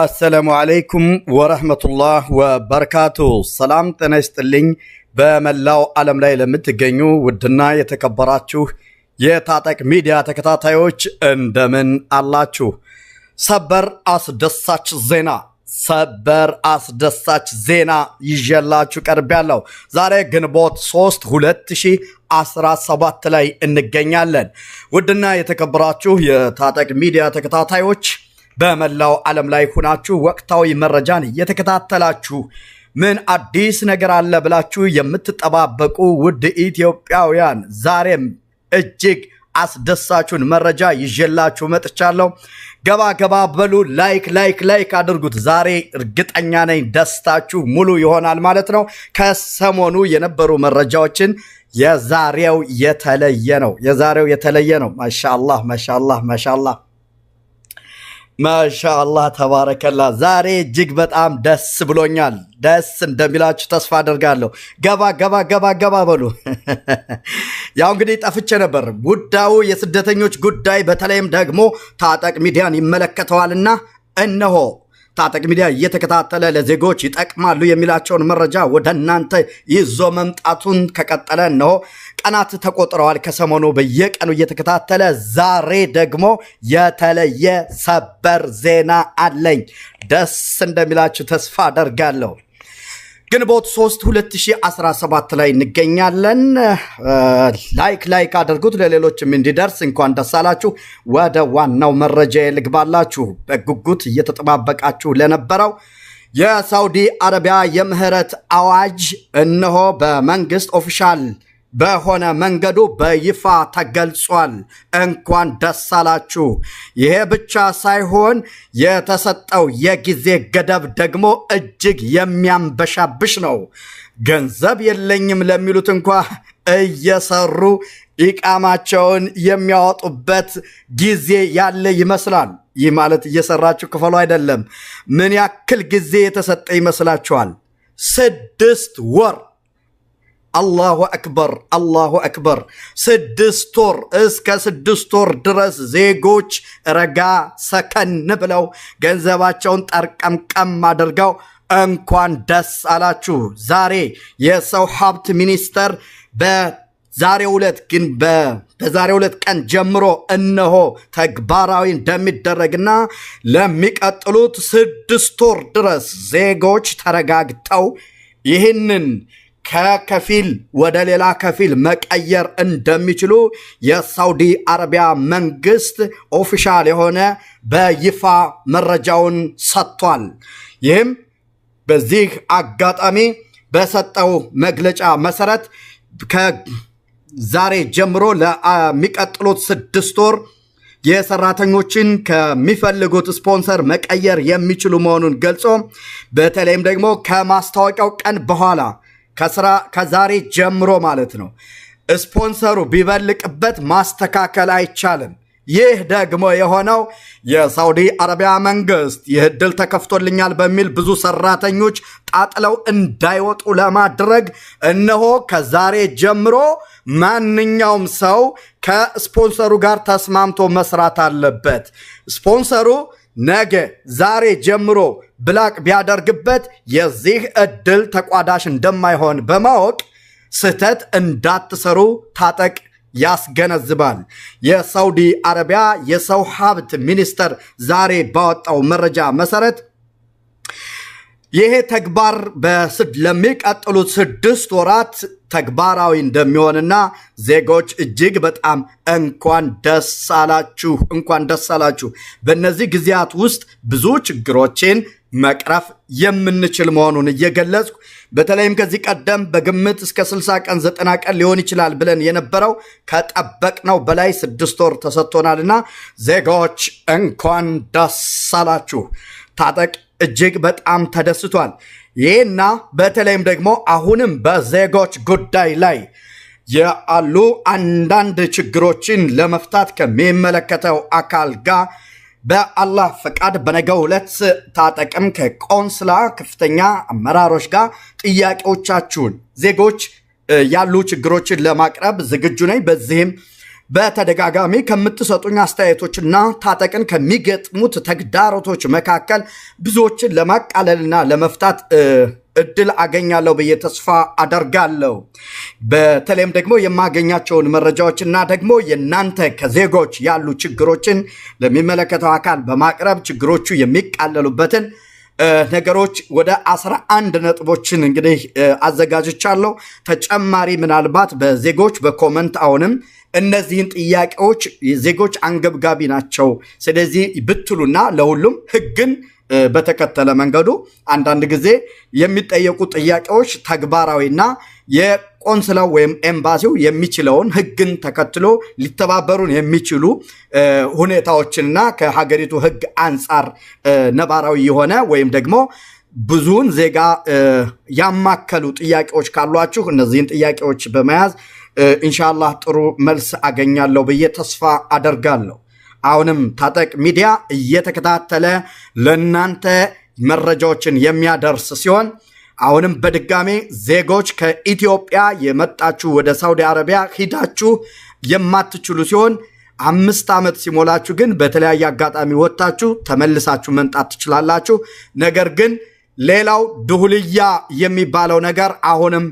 አሰላሙ አለይኩም ወረህመቱላህ ወበረካቱ። ሰላም ጤና ይስጥልኝ። በመላው ዓለም ላይ ለምትገኙ ውድና የተከበራችሁ የታጠቅ ሚዲያ ተከታታዮች እንደምን አላችሁ? ሰበር አስደሳች ዜና ሰበር አስደሳች ዜና ይዤላችሁ ቀርቤያለሁ። ዛሬ ግንቦት 3 2017 ላይ እንገኛለን። ውድና የተከበራችሁ የታጠቅ ሚዲያ ተከታታዮች በመላው ዓለም ላይ ሁናችሁ ወቅታዊ መረጃን እየተከታተላችሁ ምን አዲስ ነገር አለ ብላችሁ የምትጠባበቁ ውድ ኢትዮጵያውያን ዛሬም እጅግ አስደሳችሁን መረጃ ይዤላችሁ መጥቻለሁ። ገባ ገባ በሉ፣ ላይክ ላይክ ላይክ አድርጉት። ዛሬ እርግጠኛ ነኝ ደስታችሁ ሙሉ ይሆናል ማለት ነው። ከሰሞኑ የነበሩ መረጃዎችን የዛሬው የተለየ ነው። የዛሬው የተለየ ነው። ማሻላህ ማሻላህ ማሻላህ ማሻአላ ተባረከላ። ዛሬ እጅግ በጣም ደስ ብሎኛል። ደስ እንደሚላችሁ ተስፋ አደርጋለሁ። ገባ ገባ ገባ ገባ በሉ። ያው እንግዲህ ጠፍቼ ነበር። ጉዳዩ የስደተኞች ጉዳይ በተለይም ደግሞ ታጠቅ ሚዲያን ይመለከተዋልና እነሆ ታጠቅ ሚዲያ እየተከታተለ ለዜጎች ይጠቅማሉ የሚላቸውን መረጃ ወደ እናንተ ይዞ መምጣቱን ከቀጠለ እነሆ ቀናት ተቆጥረዋል። ከሰሞኑ በየቀኑ እየተከታተለ ዛሬ ደግሞ የተለየ ሰበር ዜና አለኝ። ደስ እንደሚላችሁ ተስፋ አደርጋለሁ። ግንቦት 3 2017 ላይ እንገኛለን። ላይክ ላይክ አድርጉት ለሌሎችም እንዲደርስ። እንኳን ደስ አላችሁ። ወደ ዋናው መረጃ ልግባላችሁ። በጉጉት እየተጠባበቃችሁ ለነበረው የሳውዲ አረቢያ የምህረት አዋጅ እነሆ በመንግስት ኦፊሻል በሆነ መንገዱ በይፋ ተገልጿል። እንኳን ደስ አላችሁ። ይሄ ብቻ ሳይሆን የተሰጠው የጊዜ ገደብ ደግሞ እጅግ የሚያንበሻብሽ ነው። ገንዘብ የለኝም ለሚሉት እንኳ እየሰሩ ኢቃማቸውን የሚያወጡበት ጊዜ ያለ ይመስላል። ይህ ማለት እየሰራችሁ ክፈሉ አይደለም። ምን ያክል ጊዜ የተሰጠ ይመስላችኋል? ስድስት ወር አላሁ አክበር አላሁ አክበር። ስድስት ወር እስከ ስድስት ወር ድረስ ዜጎች ረጋ ሰከን ብለው ገንዘባቸውን ጠርቀምቀም አድርገው እንኳን ደስ አላችሁ። ዛሬ የሰው ሀብት ሚኒስቴር በዛሬው ዕለት ግን በዛሬው ዕለት ቀን ጀምሮ እነሆ ተግባራዊ እንደሚደረግና ለሚቀጥሉት ስድስት ወር ድረስ ዜጎች ተረጋግተው ይህንን ከከፊል ወደ ሌላ ከፊል መቀየር እንደሚችሉ የሳውዲ አረቢያ መንግስት ኦፊሻል የሆነ በይፋ መረጃውን ሰጥቷል። ይህም በዚህ አጋጣሚ በሰጠው መግለጫ መሰረት ከዛሬ ጀምሮ ለሚቀጥሉት ስድስት ወር የሰራተኞችን ከሚፈልጉት ስፖንሰር መቀየር የሚችሉ መሆኑን ገልጾ በተለይም ደግሞ ከማስታወቂያው ቀን በኋላ ከስራ ከዛሬ ጀምሮ ማለት ነው። ስፖንሰሩ ቢበልቅበት ማስተካከል አይቻልም። ይህ ደግሞ የሆነው የሳውዲ አረቢያ መንግስት ይህ እድል ተከፍቶልኛል በሚል ብዙ ሰራተኞች ጣጥለው እንዳይወጡ ለማድረግ እነሆ ከዛሬ ጀምሮ ማንኛውም ሰው ከስፖንሰሩ ጋር ተስማምቶ መስራት አለበት። ስፖንሰሩ ነገ ዛሬ ጀምሮ ብላቅ ቢያደርግበት የዚህ እድል ተቋዳሽ እንደማይሆን በማወቅ ስህተት እንዳትሰሩ ታጠቅ ያስገነዝባል። የሳውዲ አረቢያ የሰው ሀብት ሚኒስተር ዛሬ ባወጣው መረጃ መሰረት ይሄ ተግባር ለሚቀጥሉት ስድስት ወራት ተግባራዊ እንደሚሆንና ዜጎች እጅግ በጣም እንኳን ደስ አላችሁ እንኳን ደስ አላችሁ። በእነዚህ ጊዜያት ውስጥ ብዙ ችግሮችን መቅረፍ የምንችል መሆኑን እየገለጽኩ በተለይም ከዚህ ቀደም በግምት እስከ 60 ቀን 90 ቀን ሊሆን ይችላል ብለን የነበረው ከጠበቅነው በላይ ስድስት ወር ተሰጥቶናልና ዜጋዎች እንኳን ደስ አላችሁ። ታጠቅ እጅግ በጣም ተደስቷል። ይህና በተለይም ደግሞ አሁንም በዜጎች ጉዳይ ላይ ያሉ አንዳንድ ችግሮችን ለመፍታት ከሚመለከተው አካል ጋር በአላህ ፈቃድ በነገው ዕለት ታጠቅም ከቆንስላ ከፍተኛ አመራሮች ጋር ጥያቄዎቻችሁን ዜጎች ያሉ ችግሮችን ለማቅረብ ዝግጁ ነኝ። በዚህም በተደጋጋሚ ከምትሰጡኝ አስተያየቶችና ታጠቅን ከሚገጥሙት ተግዳሮቶች መካከል ብዙዎችን ለማቃለልና ለመፍታት እድል አገኛለሁ ብዬ ተስፋ አደርጋለሁ። በተለይም ደግሞ የማገኛቸውን መረጃዎች እና ደግሞ የእናንተ ከዜጎች ያሉ ችግሮችን ለሚመለከተው አካል በማቅረብ ችግሮቹ የሚቃለሉበትን ነገሮች ወደ አስራ አንድ ነጥቦችን እንግዲህ አዘጋጅቻለሁ። ተጨማሪ ምናልባት በዜጎች በኮመንት አሁንም እነዚህን ጥያቄዎች የዜጎች አንገብጋቢ ናቸው ስለዚህ ብትሉና ለሁሉም ህግን በተከተለ መንገዱ አንዳንድ ጊዜ የሚጠየቁ ጥያቄዎች ተግባራዊና የቆንስላው ወይም ኤምባሲው የሚችለውን ሕግን ተከትሎ ሊተባበሩን የሚችሉ ሁኔታዎችንና ከሀገሪቱ ሕግ አንጻር ነባራዊ የሆነ ወይም ደግሞ ብዙውን ዜጋ ያማከሉ ጥያቄዎች ካሏችሁ እነዚህን ጥያቄዎች በመያዝ ኢንሻላህ ጥሩ መልስ አገኛለሁ ብዬ ተስፋ አደርጋለሁ። አሁንም ታጠቅ ሚዲያ እየተከታተለ ለእናንተ መረጃዎችን የሚያደርስ ሲሆን አሁንም በድጋሜ ዜጎች ከኢትዮጵያ የመጣችሁ ወደ ሳውዲ አረቢያ ሂዳችሁ የማትችሉ ሲሆን አምስት ዓመት ሲሞላችሁ ግን በተለያየ አጋጣሚ ወጥታችሁ ተመልሳችሁ መምጣት ትችላላችሁ። ነገር ግን ሌላው ድሁልያ የሚባለው ነገር አሁንም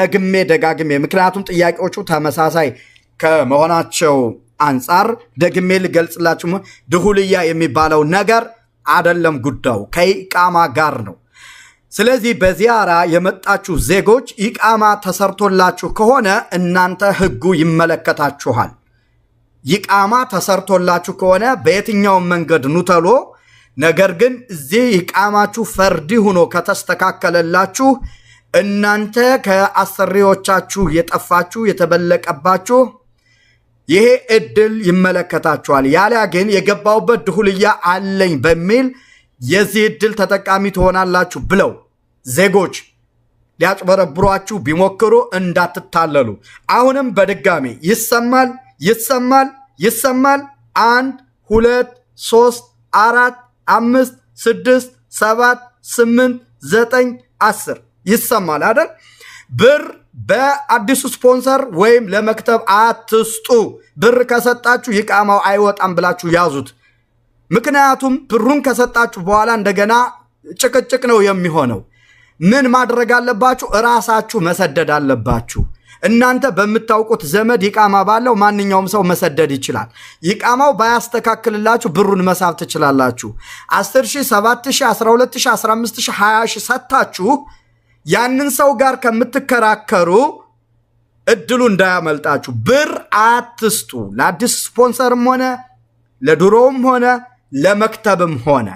ደግሜ ደጋግሜ ምክንያቱም ጥያቄዎቹ ተመሳሳይ ከመሆናቸው አንጻር ደግሜ ልገልጽላችሁ፣ ድሁልያ የሚባለው ነገር አደለም ጉዳዩ ከኢቃማ ጋር ነው። ስለዚህ በዚያራ የመጣችሁ ዜጎች ይቃማ ተሰርቶላችሁ ከሆነ እናንተ ህጉ ይመለከታችኋል። ይቃማ ተሰርቶላችሁ ከሆነ በየትኛውም መንገድ ኑተሎ። ነገር ግን እዚህ ይቃማችሁ ፈርድ ሆኖ ከተስተካከለላችሁ እናንተ ከአሰሪዎቻችሁ የጠፋችሁ የተበለቀባችሁ ይሄ እድል ይመለከታችኋል። ያሊያ ግን የገባውበት ድሁልያ አለኝ በሚል የዚህ እድል ተጠቃሚ ትሆናላችሁ ብለው ዜጎች ሊያጭበረብሯችሁ ቢሞክሩ እንዳትታለሉ። አሁንም በድጋሚ ይሰማል፣ ይሰማል፣ ይሰማል። አንድ ሁለት ሶስት አራት አምስት ስድስት ሰባት ስምንት ዘጠኝ አስር ይሰማል አይደል? ብር በአዲሱ ስፖንሰር ወይም ለመክተብ አትስጡ። ብር ከሰጣችሁ ይቃማው አይወጣም ብላችሁ ያዙት። ምክንያቱም ብሩን ከሰጣችሁ በኋላ እንደገና ጭቅጭቅ ነው የሚሆነው። ምን ማድረግ አለባችሁ? እራሳችሁ መሰደድ አለባችሁ። እናንተ በምታውቁት ዘመድ ይቃማ ባለው ማንኛውም ሰው መሰደድ ይችላል። ይቃማው ባያስተካክልላችሁ ብሩን መሳብ ትችላላችሁ። 10 7 12 15 20 ያንን ሰው ጋር ከምትከራከሩ እድሉ እንዳያመልጣችሁ። ብር አትስጡ። ለአዲስ ስፖንሰርም ሆነ ለድሮውም ሆነ ለመክተብም ሆነ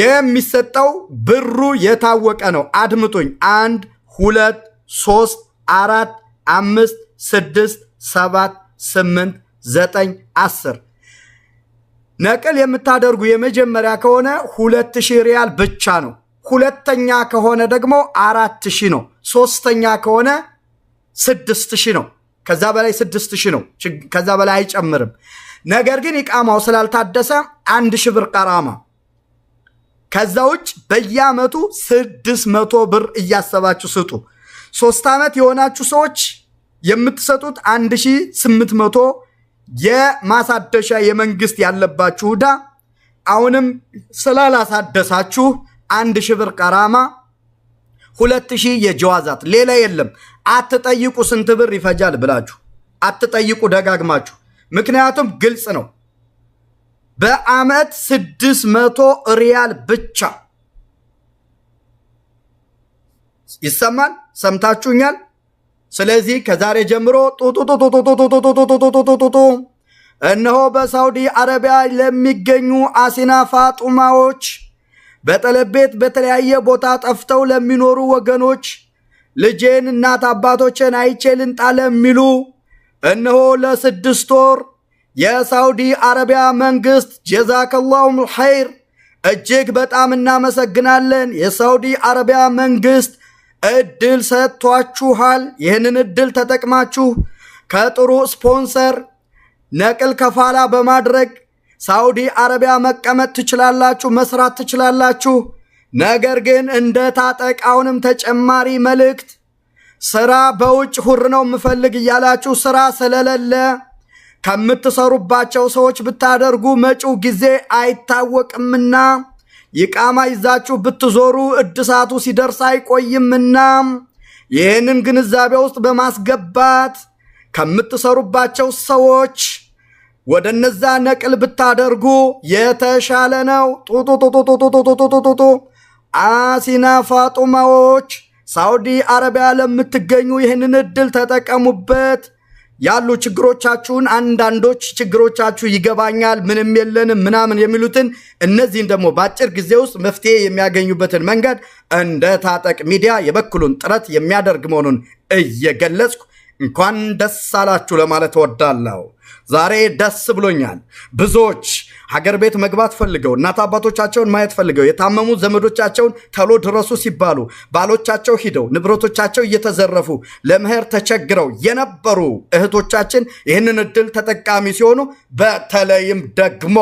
የሚሰጠው ብሩ የታወቀ ነው። አድምጡኝ። አንድ ሁለት ሶስት አራት አምስት ስድስት ሰባት ስምንት ዘጠኝ አስር ነቅል የምታደርጉ የመጀመሪያ ከሆነ ሁለት ሺህ ሪያል ብቻ ነው። ሁለተኛ ከሆነ ደግሞ አራት ሺህ ነው። ሶስተኛ ከሆነ ስድስት ሺህ ነው። ከዛ በላይ ስድስት ሺህ ነው። ከዛ በላይ አይጨምርም። ነገር ግን ኢቃማው ስላልታደሰ አንድ ሺህ ብር ቀራማ ከዛ ውጭ በየአመቱ ስድስት መቶ ብር እያሰባችሁ ስጡ። ሶስት ዓመት የሆናችሁ ሰዎች የምትሰጡት አንድ ሺህ ስምንት መቶ የማሳደሻ የመንግስት ያለባችሁ ዕዳ አሁንም ስላላሳደሳችሁ አንድ ሺህ ብር ቀራማ፣ ሁለት ሺህ የጀዋዛት ሌላ የለም። አትጠይቁ ስንት ብር ይፈጃል ብላችሁ አትጠይቁ ደጋግማችሁ፣ ምክንያቱም ግልጽ ነው። በአመት ስድስት መቶ ሪያል ብቻ ይሰማል። ሰምታችሁኛል። ስለዚህ ከዛሬ ጀምሮ ጡጡጡጡጡጡጡጡጡጡጡጡጡጡ እነሆ በሳውዲ አረቢያ ለሚገኙ አሲና ፋጡማዎች በጠለቤት ቤት በተለያየ ቦታ ጠፍተው ለሚኖሩ ወገኖች ልጄን እናት አባቶችን አይቼ ልንጣ ለሚሉ እነሆ ለስድስት ወር የሳውዲ አረቢያ መንግስት ጀዛከላሁም ኸይር እጅግ በጣም እናመሰግናለን። የሳውዲ አረቢያ መንግስት እድል ሰጥቷችኋል። ይህንን እድል ተጠቅማችሁ ከጥሩ ስፖንሰር ነቅል ከፋላ በማድረግ ሳውዲ አረቢያ መቀመጥ ትችላላችሁ፣ መስራት ትችላላችሁ። ነገር ግን እንደ ታጠቃውንም አሁንም ተጨማሪ መልእክት ስራ በውጭ ሁር ነው የምፈልግ እያላችሁ ስራ ስለሌለ ከምትሰሩባቸው ሰዎች ብታደርጉ መጪው ጊዜ አይታወቅምና ይቃማ ይዛችሁ ብትዞሩ እድሳቱ ሲደርስ አይቆይምና ይህንን ግንዛቤ ውስጥ በማስገባት ከምትሰሩባቸው ሰዎች ወደ እነዛ ነቅል ብታደርጉ የተሻለ ነው። ጡጡጡጡጡጡጡጡጡጡጡ አሲና ፋጡማዎች ሳውዲ አረቢያ ለምትገኙ ይህንን እድል ተጠቀሙበት። ያሉ ችግሮቻችሁን አንዳንዶች ችግሮቻችሁ ይገባኛል፣ ምንም የለንም ምናምን የሚሉትን እነዚህን ደግሞ በአጭር ጊዜ ውስጥ መፍትሄ የሚያገኙበትን መንገድ እንደ ታጠቅ ሚዲያ የበኩሉን ጥረት የሚያደርግ መሆኑን እየገለጽኩ እንኳን ደስ አላችሁ ለማለት እወዳለሁ። ዛሬ ደስ ብሎኛል። ብዙዎች ሀገር ቤት መግባት ፈልገው እናት አባቶቻቸውን ማየት ፈልገው የታመሙ ዘመዶቻቸውን ተሎ ድረሱ ሲባሉ ባሎቻቸው ሂደው ንብረቶቻቸው እየተዘረፉ ለመሄር ተቸግረው የነበሩ እህቶቻችን ይህንን እድል ተጠቃሚ ሲሆኑ በተለይም ደግሞ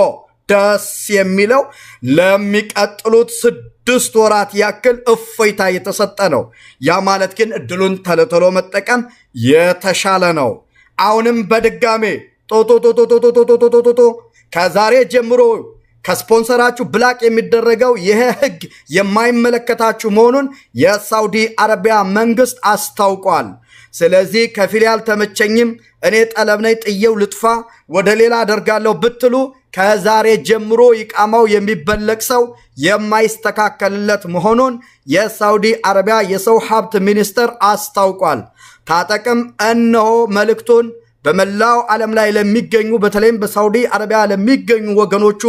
ደስ የሚለው ለሚቀጥሉት ስድስት ወራት ያክል እፎይታ የተሰጠ ነው። ያ ማለት ግን እድሉን ተለተሎ መጠቀም የተሻለ ነው። አሁንም በድጋሜ ጦጦጦጦጦጦጦጦጦጦ ከዛሬ ጀምሮ ከስፖንሰራችሁ ብላቅ የሚደረገው ይሄ ህግ የማይመለከታችሁ መሆኑን የሳውዲ አረቢያ መንግስት አስታውቋል። ስለዚህ ከፊል ያልተመቸኝም እኔ ጠለብ ነኝ ልጥፋ ወደ ሌላ አደርጋለሁ ብትሉ ከዛሬ ጀምሮ ይቃማው የሚበለቅ ሰው የማይስተካከልለት መሆኑን የሳውዲ አረቢያ የሰው ሀብት ሚኒስቴር አስታውቋል። ታጠቅም እነሆ መልእክቱን በመላው ዓለም ላይ ለሚገኙ በተለይም በሳውዲ አረቢያ ለሚገኙ ወገኖቹ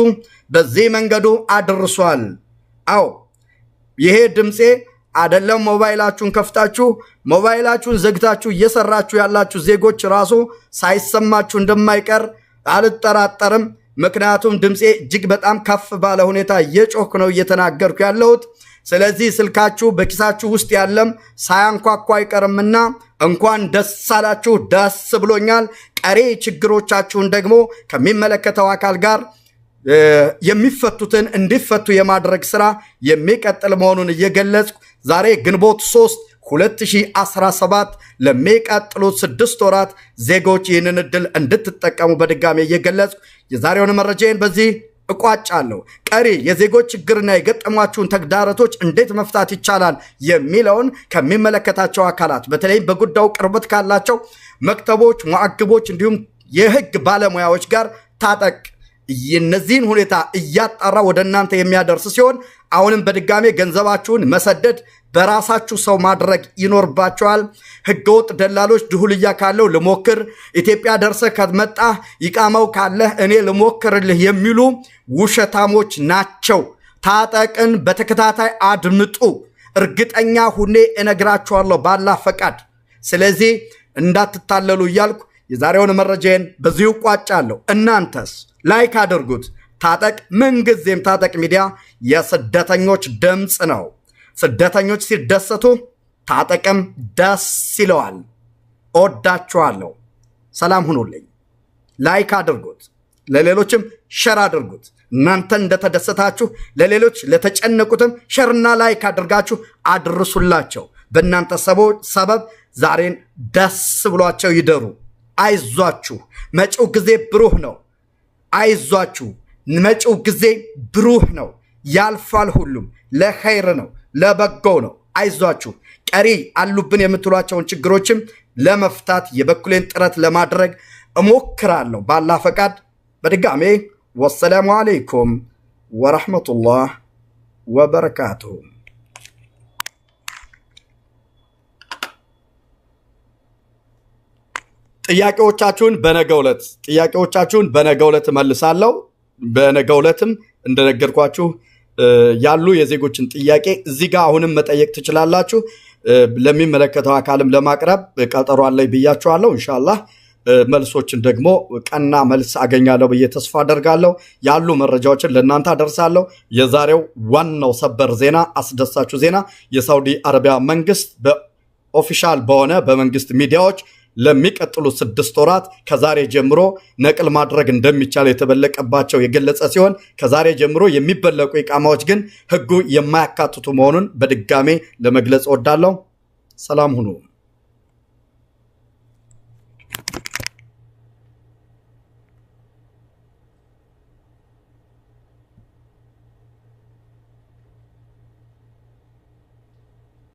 በዚህ መንገዱ አድርሷል። አዎ ይሄ ድምፄ አደለም። ሞባይላችሁን ከፍታችሁ ሞባይላችሁን ዘግታችሁ እየሰራችሁ ያላችሁ ዜጎች ራሱ ሳይሰማችሁ እንደማይቀር አልጠራጠርም። ምክንያቱም ድምፄ እጅግ በጣም ከፍ ባለ ሁኔታ እየጮክ ነው እየተናገርኩ ያለሁት። ስለዚህ ስልካችሁ በኪሳችሁ ውስጥ ያለም ሳያንኳኳ አይቀርምና እንኳን ደስ አላችሁ፣ ደስ ብሎኛል። ቀሪ ችግሮቻችሁን ደግሞ ከሚመለከተው አካል ጋር የሚፈቱትን እንዲፈቱ የማድረግ ስራ የሚቀጥል መሆኑን እየገለጽኩ ዛሬ ግንቦት 3 2017 ለሚቀጥሉት ስድስት ወራት ዜጎች ይህንን እድል እንድትጠቀሙ በድጋሚ እየገለጽኩ የዛሬውን መረጃዬን በዚህ እቋጫለሁ። ቀሪ የዜጎች ችግርና የገጠሟችሁን ተግዳሮቶች እንዴት መፍታት ይቻላል የሚለውን ከሚመለከታቸው አካላት በተለይም በጉዳዩ ቅርበት ካላቸው መክተቦች፣ ሙዓግቦች እንዲሁም የህግ ባለሙያዎች ጋር ታጠቅ የነዚህን ሁኔታ እያጣራ ወደ እናንተ የሚያደርስ ሲሆን አሁንም በድጋሜ ገንዘባችሁን መሰደድ በራሳችሁ ሰው ማድረግ ይኖርባቸዋል ህገወጥ ደላሎች ድሁልያ ካለው ልሞክር፣ ኢትዮጵያ ደርሰ ከመጣ ይቃመው ካለህ እኔ ልሞክርልህ የሚሉ ውሸታሞች ናቸው። ታጠቅን በተከታታይ አድምጡ። እርግጠኛ ሁኔ እነግራችኋለሁ ባላ ፈቃድ። ስለዚህ እንዳትታለሉ እያልኩ የዛሬውን መረጃዬን በዚሁ ቋጫለሁ። እናንተስ ላይክ አድርጉት። ታጠቅ ምንጊዜም ታጠቅ ሚዲያ የስደተኞች ድምፅ ነው። ስደተኞች ሲደሰቱ ታጠቅም ደስ ይለዋል። እወዳችኋለሁ። ሰላም ሁኑልኝ። ላይክ አድርጉት፣ ለሌሎችም ሸር አድርጉት። እናንተ እንደተደሰታችሁ ለሌሎች ለተጨነቁትም ሸርና ላይክ አድርጋችሁ አድርሱላቸው። በእናንተ ሰበብ ዛሬን ደስ ብሏቸው ይደሩ። አይዟችሁ፣ መጪው ጊዜ ብሩህ ነው። አይዟችሁ፣ መጪው ጊዜ ብሩህ ነው። ያልፋል። ሁሉም ለኸይር ነው፣ ለበጎው ነው። አይዟችሁ። ቀሪ አሉብን የምትሏቸውን ችግሮችም ለመፍታት የበኩሌን ጥረት ለማድረግ እሞክራለሁ ባላ ፈቃድ። በድጋሜ ወሰላሙ አለይኩም ወረሕመቱላህ ወበረካቱሁም። ጥያቄዎቻችሁን በነገ ዕለት ጥያቄዎቻችሁን በነገ ዕለት መልሳለሁ። በነገ ዕለትም እንደነገርኳችሁ ያሉ የዜጎችን ጥያቄ እዚህ ጋር አሁንም መጠየቅ ትችላላችሁ። ለሚመለከተው አካልም ለማቅረብ ቀጠሮ አለኝ ብያችኋለሁ። እንሻላ መልሶችን ደግሞ ቀና መልስ አገኛለሁ ብዬ ተስፋ አደርጋለሁ። ያሉ መረጃዎችን ለእናንተ አደርሳለሁ። የዛሬው ዋናው ሰበር ዜና፣ አስደሳችሁ ዜና የሳውዲ አረቢያ መንግስት በኦፊሻል በሆነ በመንግስት ሚዲያዎች ለሚቀጥሉት ስድስት ወራት ከዛሬ ጀምሮ ነቅል ማድረግ እንደሚቻል የተበለቀባቸው የገለጸ ሲሆን ከዛሬ ጀምሮ የሚበለቁ ኢቃማዎች ግን ሕጉ የማያካትቱ መሆኑን በድጋሜ ለመግለጽ እወዳለሁ። ሰላም ሁኑ።